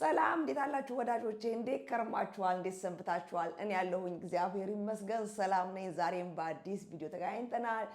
ሰላም እንዴት አላችሁ ወዳጆቼ? እንዴት ከርማችኋል? እንዴት ሰንብታችኋል? እኔ ያለሁኝ እግዚአብሔር ይመስገን ሰላም ነኝ። ዛሬም በአዲስ ቪዲዮ ተገናኝተናል።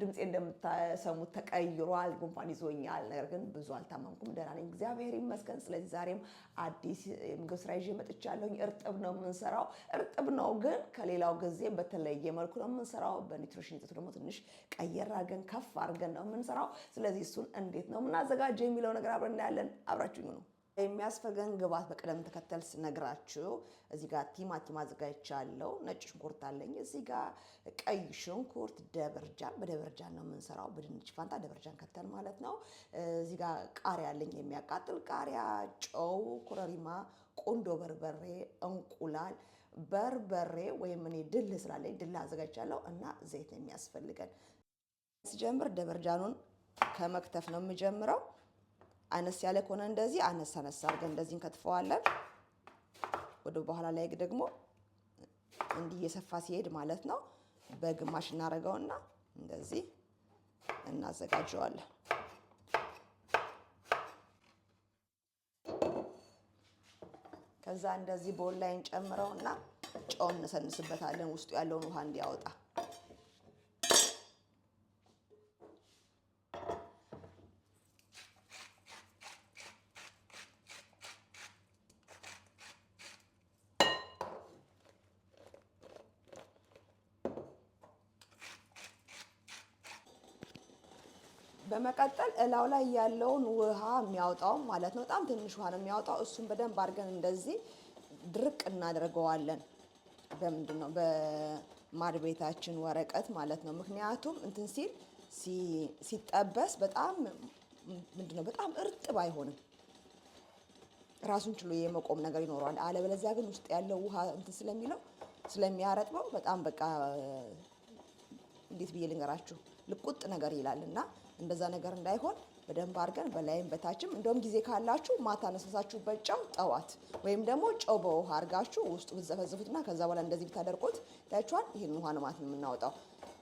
ድምፄ እንደምታሰሙት ተቀይሯል። ጉንፋን ይዞኛል፣ ነገር ግን ብዙ አልታመምኩም፣ ደህና ነኝ እግዚአብሔር ይመስገን። ስለዚህ ዛሬም አዲስ የምግብ ስራ ይዤ መጥቻለሁኝ። እርጥብ ነው የምንሰራው። እርጥብ ነው ግን ከሌላው ጊዜ በተለየ መልኩ ነው የምንሰራው። በኒትሪሽን ይዘቱ ደግሞ ትንሽ ቀየር አድርገን ከፍ አድርገን ነው የምንሰራው። ስለዚህ እሱን እንዴት ነው የምናዘጋጀው የሚለው ነገር አብረን እናያለን። አብራችሁኝ ነው የሚያስፈልገን ግብአት በቅደም ተከተል ስነግራችሁ እዚህ ጋር ቲማቲም አዘጋጅቻለሁ። ነጭ ሽንኩርት አለኝ። እዚህ ጋር ቀይ ሽንኩርት፣ ደበርጃን በደበርጃን ነው የምንሰራው። በድንች ፋንታ ደበርጃን ከተል ማለት ነው። እዚህ ጋር ቃሪያ አለኝ፣ የሚያቃጥል ቃሪያ፣ ጨው፣ ኮረሪማ፣ ቆንዶ በርበሬ፣ እንቁላል በርበሬ ወይም እኔ ድል ስላለኝ ድል አዘጋጅቻለሁ እና ዘይት ነው የሚያስፈልገን። ስጀምር ደበርጃኑን ከመክተፍ ነው የምጀምረው። አነስ ያለ ከሆነ እንደዚህ አነስ አነስ አድርገን እንደዚህ እንከትፈዋለን። ወደ በኋላ ላይ ደግሞ እንዲህ እየሰፋ ሲሄድ ማለት ነው በግማሽ እናደርገውና እንደዚህ እናዘጋጀዋለን። ከዛ እንደዚህ ቦል ላይ እንጨምረውና ጨው እንሰንስበታለን ውስጡ ያለውን ውሃ እንዲያወጣ በመቀጠል እላው ላይ ያለውን ውሃ የሚያወጣው ማለት ነው። በጣም ትንሽ ውሃ ነው የሚያወጣው። እሱን በደንብ አድርገን እንደዚህ ድርቅ እናደርገዋለን። በምንድን ነው በማድቤታችን ወረቀት ማለት ነው። ምክንያቱም እንትን ሲል ሲጠበስ በጣም ምንድነው በጣም እርጥብ አይሆንም። ራሱን ችሎ የመቆም ነገር ይኖረዋል። አለበለዚያ ግን ውስጥ ያለው ውሃ እንትን ስለሚለው ስለሚያረጥበው በጣም በቃ እንዴት ብዬ ልንገራችሁ ልቁጥ ነገር ይላል እና እንደዛ ነገር እንዳይሆን በደንብ አድርገን በላይም በታችም እንደውም ጊዜ ካላችሁ ማታ ነስነሳችሁበት ጨው ጠዋት ወይም ደግሞ ጨው በውሃ አድርጋችሁ ውስጡ ብትዘፈዝፉትና ከዛ በኋላ እንደዚህ ብታደርቁት ታያችኋል። ይህን ውሃ ልማት ነው የምናወጣው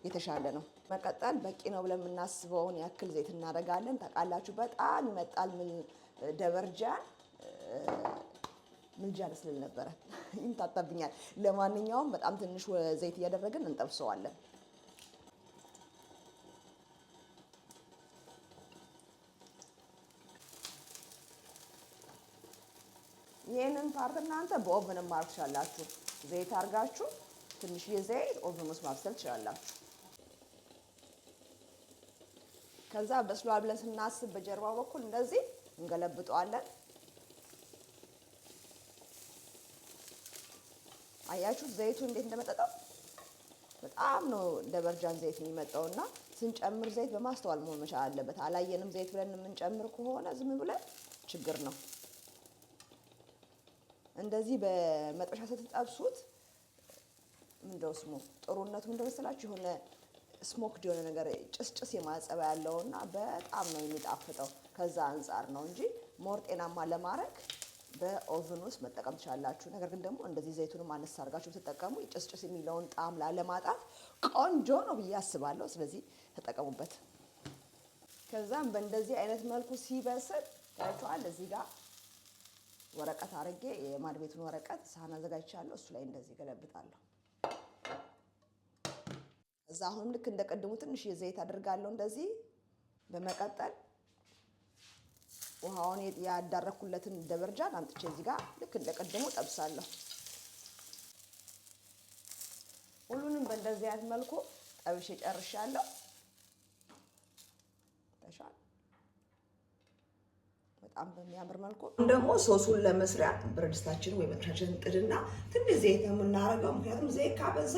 የተሻለ ነው። መቀጠል በቂ ነው ብለን የምናስበውን ያክል ዘይት እናደርጋለን። ታውቃላችሁ በጣም ይመጣል። ደበርጃን ምልጃ ስልል ነበረ ይምታታብኛል። ለማንኛውም በጣም ትንሽ ዘይት እያደረግን እንጠብሰዋለን። እናንተ በኦቨንም ማርክ ትችላላችሁ። ዘይት አድርጋችሁ ትንሽዬ ዘይት ኦቨን ውስጥ ማብሰል ትችላላችሁ። ከዛ በስሏል ብለን ስናስብ በጀርባው በኩል እንደዚህ እንገለብጠዋለን። አያችሁ ዘይቱ እንዴት እንደመጠጠው በጣም ነው እንደ በርጃን ዘይት የሚመጣው እና ስንጨምር ዘይት በማስተዋል መሆን መቻል አለበት። አላየንም ዘይት ብለን የምንጨምር ከሆነ ዝም ብለን ችግር ነው። እንደዚህ በመጥበሻ ስትጠብሱት ምንድነው ስሙ ጥሩነቱ ምንድነው መሰላችሁ? የሆነ ስሞክድ የሆነ ነገር ጭስጭስ የማጸባ ያለውና በጣም ነው የሚጣፍጠው። ከዛ አንጻር ነው እንጂ ሞር ጤናማ ለማድረግ በኦቨን ውስጥ መጠቀም ትችላላችሁ። ነገር ግን ደግሞ እንደዚህ ዘይቱንም አነስ አድርጋችሁ ብትጠቀሙ ጭስጭስ የሚለውን ጣዕም ላለማጣት ቆንጆ ነው ብዬ አስባለሁ። ስለዚህ ተጠቀሙበት። ከዛም በእንደዚህ አይነት መልኩ ሲበስል ታያችኋል እዚህ ጋር ወረቀት አርጌ የማድ ቤቱን ወረቀት ሳህን አዘጋጅቻለሁ። እሱ ላይ እንደዚህ ገለብጣለሁ። እዛ አሁንም ልክ እንደ ትንሽ የዘይት አድርጋለሁ እንደዚህ። በመቀጠል ውሃውን ያዳረኩለትን ደበርጃን አምጥቼ እዚህ ጋር ልክ እንደ ጠብሳለሁ። ሁሉንም በእንደዚህ አይነት መልኩ ጠብሼ ጨርሻለሁ። በጣም በሚያምር መልኩ ደግሞ ሶሱን ለመስሪያ ብረድስታችን ወይ መጥረሻችን ጥድና ትንሽ ዘይት ነው የምናደርገው። ምክንያቱም ዘይት ካበዛ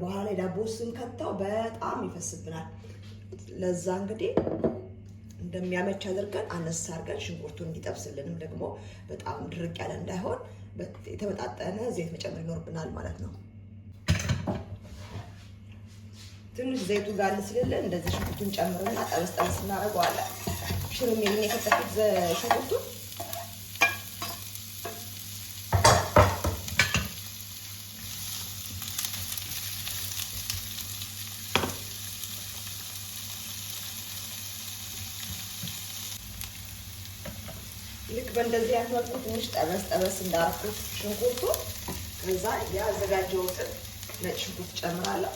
በኋላ ላይ ዳቦ ስንከተው በጣም ይፈስብናል። ለዛ እንግዲህ እንደሚያመች አድርገን አነስ አድርገን ሽንኩርቱን እንዲጠብስልንም ደግሞ በጣም ድርቅ ያለ እንዳይሆን የተመጣጠነ ዘይት መጨመር ይኖርብናል ማለት ነው። ትንሽ ዘይቱ ጋር ስለለ እንደዚህ ሽንኩርቱን ጨምርና ጠበስ ጠበስ እናደርገዋለን። ሽሮ የሚል የከተፍኩት ሽንኩርቱ ልክ በእንደዚህ አይነት ትንሽ ጠበስ ጠበስ እንዳደረኩት ሽንኩርቱ ከዛ ያዘጋጀሁትን ነጭ ሽንኩርት ጨምራለሁ።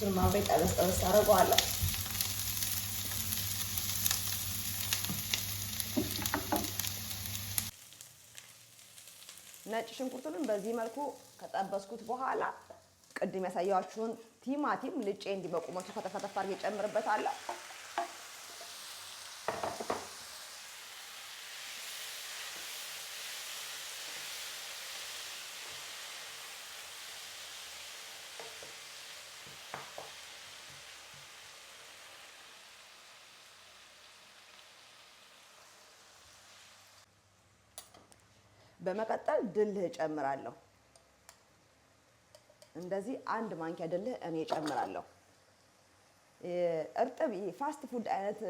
እሱን ማብሬ ጠበስ ጠበስ አደርገዋለሁ። ነጭ ሽንኩርቱንም በዚህ መልኩ ከጠበስኩት በኋላ ቅድም ያሳየኋችሁን ቲማቲም ልጬ እንዲህ በቁመቱ ከተፈተፋ አድርጌ እጨምርበታለሁ። በመቀጠል ድልህ እጨምራለሁ። እንደዚህ አንድ ማንኪያ ድልህ እኔ እጨምራለሁ። እርጥብ ፋስት ፉድ አይነት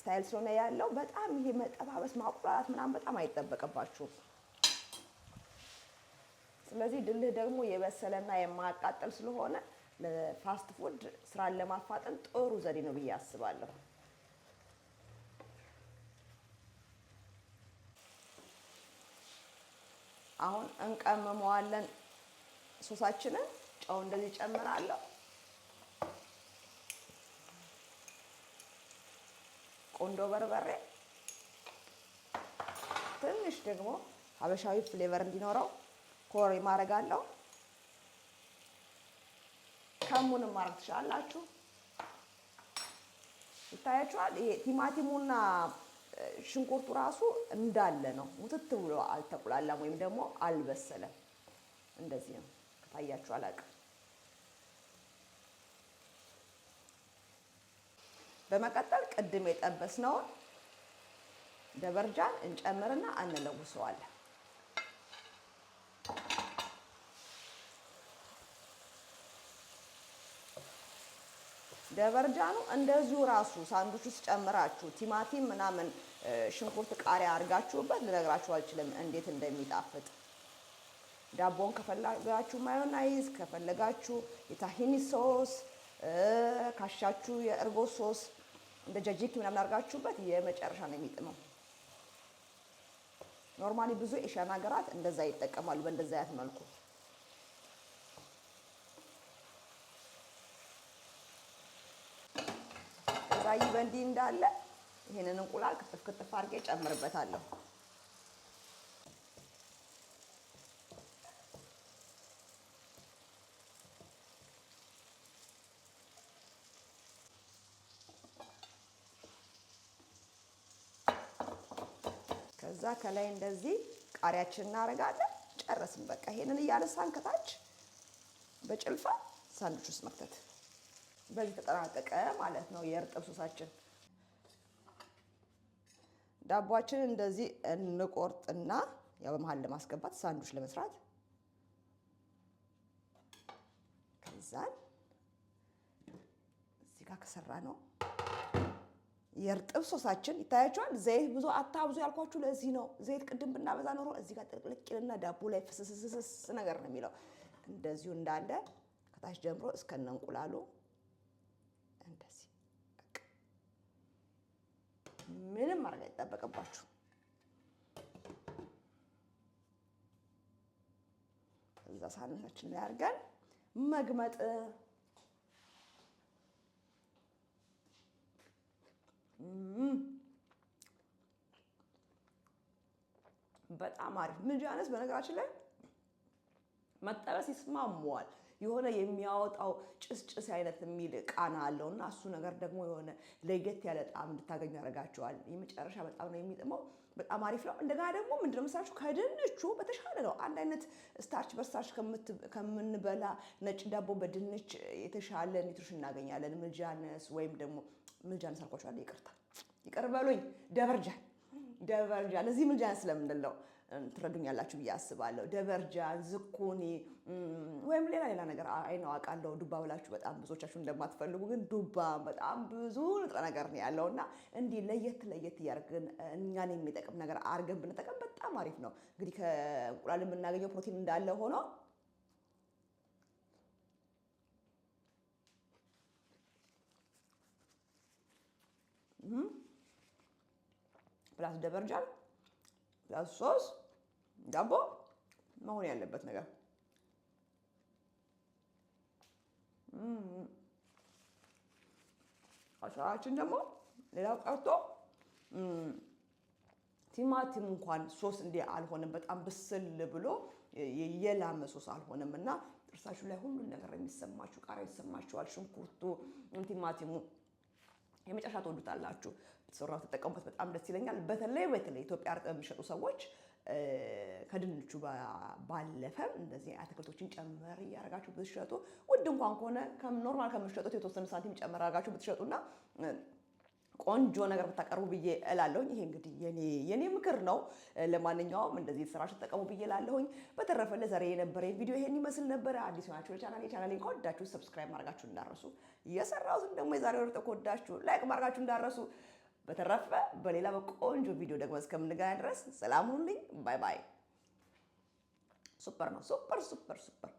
ስታይል ስለሆነ ያለው በጣም ይሄ መጠባበስ ማቁላላት ምናምን በጣም አይጠበቅባችሁም። ስለዚህ ድልህ ደግሞ የበሰለና የማያቃጥል ስለሆነ ለፋስት ፉድ ስራን ለማፋጠን ጥሩ ዘዴ ነው ብዬ አስባለሁ። አሁን እንቀመመዋለን ሶሳችንን ጨው እንደዚህ ጨምራለሁ። ቆንዶ በርበሬ ትንሽ ደግሞ ሀበሻዊ ፍሌቨር እንዲኖረው ኮሪ ማድረግ አለው። ከሙንም ማድረግ ትችላላችሁ። ይታያችኋል። ይሄ ቲማቲሙና ሽንኩርቱ ራሱ እንዳለ ነው፣ ውትት ብሎ አልተቁላላም ወይም ደግሞ አልበሰለም። እንደዚህ ነው ከታያችሁ አላቅም። በመቀጠል ቅድም የጠበስነውን ደበርጃን እንጨምርና እንለውሰዋለን። ደበርጃኑ እንደዚሁ ራሱ ሳንዱች ውስጥ ጨምራችሁ ቲማቲም ምናምን ሽንኩርት፣ ቃሪያ አድርጋችሁበት ልነግራችሁ አልችልም እንዴት እንደሚጣፍጥ። ዳቦን ከፈለጋችሁ ማዮናይዝ፣ ከፈለጋችሁ የታሂኒ ሶስ ካሻችሁ የእርጎ ሶስ እንደ ጀጂክ ምናምን አድርጋችሁበት የመጨረሻ ነው የሚጥመው። ኖርማሊ ብዙ ኤሽያን ሀገራት እንደዛ ይጠቀማሉ በእንደዛ አይነት መልኩ። ከዛ በእንዲህ እንዳለ ይህንን እንቁላል ክትፍ ክትፍ አድርጌ ጨምርበታለሁ። ከዛ ከላይ እንደዚህ ቃሪያችን እናደርጋለን። ጨረስን። በቃ ይሄንን እያነሳን ከታች በጭልፋ ሳንዱች ውስጥ መክተት። በዚህ ተጠናቀቀ ማለት ነው የእርጥብ ሶሳችን። ዳቧችንን እንደዚህ እንቆርጥና ያው በመሃል ለማስገባት ሳንዱች ለመስራት ከዛን እዚህ ጋር ከሰራ ነው የእርጥብ ሶሳችን ይታያቸዋል። ዘይት ብዙ አታብዙ ያልኳችሁ ለዚህ ነው። ዘይት ቅድም ብናበዛ ኖሮ እዚህ ጋር ጥልቅልቅልና ዳቦ ላይ ፍስስስስ ነገር ነው የሚለው። እንደዚሁ እንዳለ ከታች ጀምሮ እስከነ እንቁላሉ እንደዚህ ምንም ማድረግ አይጠበቅባችሁ። እዛ ሳህናችን ላይ አድርገን መግመጥ በጣም አሪፍ ምንጃነስ። በነገራችን ላይ መጠበስ ይስማሟል። የሆነ የሚያወጣው ጭስጭስ አይነት የሚል ቃና አለው እና እሱ ነገር ደግሞ የሆነ ለየት ያለ ጣዕም እንድታገኝ ያደርጋቸዋል። የመጨረሻ በጣም ነው የሚጥመው። በጣም አሪፍ ነው። እንደገና ደግሞ ምንድነው መሰላችሁ ከድንቹ በተሻለ ነው። አንድ አይነት ስታርች በስታርች ከምንበላ ነጭ ዳቦ በድንች የተሻለ ኒትሪሽን እናገኛለን። ምልጃነስ ወይም ደግሞ ምልጃነስ አልኳቸዋለሁ። ይቅርታ ይቅር በሉኝ። ደበርጃን ደበርጃን እዚህ ምልጃነስ ስለምንለው ትረዱኛላችሁ ብዬ አስባለሁ። ደበርጃን፣ ዝኩኒ ወይም ሌላ ሌላ ነገር አውቃለሁ ዱባ ብላችሁ በጣም ብዙዎቻችሁ እንደማትፈልጉ ግን ዱባ በጣም ብዙ ንጥረ ነገር ነው ያለው እና እንዲህ ለየት ለየት እያደረግን እኛን የሚጠቅም ነገር አድርገን ብንጠቀም በጣም አሪፍ ነው። እንግዲህ ከእንቁላል የምናገኘው ፕሮቲን እንዳለ ሆኖ ፕላስ ደበርጃን ፕላስ ሶስት ዳቦ መሆን ያለበት ነገር አሰራራችን ደግሞ ሌላው ቀርቶ ቲማቲም እንኳን ሶስ እንዲህ አልሆነም። በጣም ብስል ብሎ የላመ ሶስ አልሆነም እና ጥርሳችሁ ላይ ሁሉን ነገር የሚሰማችሁ ቃሪያ ይሰማችኋል፣ ሽንኩርቱ፣ ቲማቲሙ የመጨረሻ ትወዱታላችሁ። ብትሰራ ተጠቀሙበት። በጣም ደስ ይለኛል። በተለይ በተለይ ኢትዮጵያ እርጥብ የሚሸጡ ሰዎች ከድንቹ ባለፈ እንደዚህ አትክልቶችን ጨመር እያደረጋችሁ ብትሸጡ ውድ እንኳን ከሆነ ኖርማል ከምትሸጡት የተወሰነ ሳንቲም ጨመር አድርጋችሁ ብትሸጡና ቆንጆ ነገር ብታቀርቡ ብዬ እላለሁኝ። ይሄ እንግዲህ የኔ ምክር ነው። ለማንኛውም እንደዚህ ስራ ተጠቀሙ ብዬ እላለሁኝ። በተረፈ ለዛሬ የነበረ ቪዲዮ ይሄን ይመስል ነበረ። አዲስ ሆናችሁ ለቻናሌ ቻናሌን ከወዳችሁ ሰብስክራይብ ማድረጋችሁ እንዳረሱ፣ የሰራሁትን ደግሞ የዛሬ ወርጠ ከወዳችሁ ላይክ ማድረጋችሁ እንዳረሱ በተረፈ በሌላ በቆንጆ ቪዲዮ ደግሞ እስከምንገናኝ ድረስ ሰላም ሁኑልኝ። ባይ ባይ። ሱፐር ነው። ሱፐር ሱፐር ሱፐር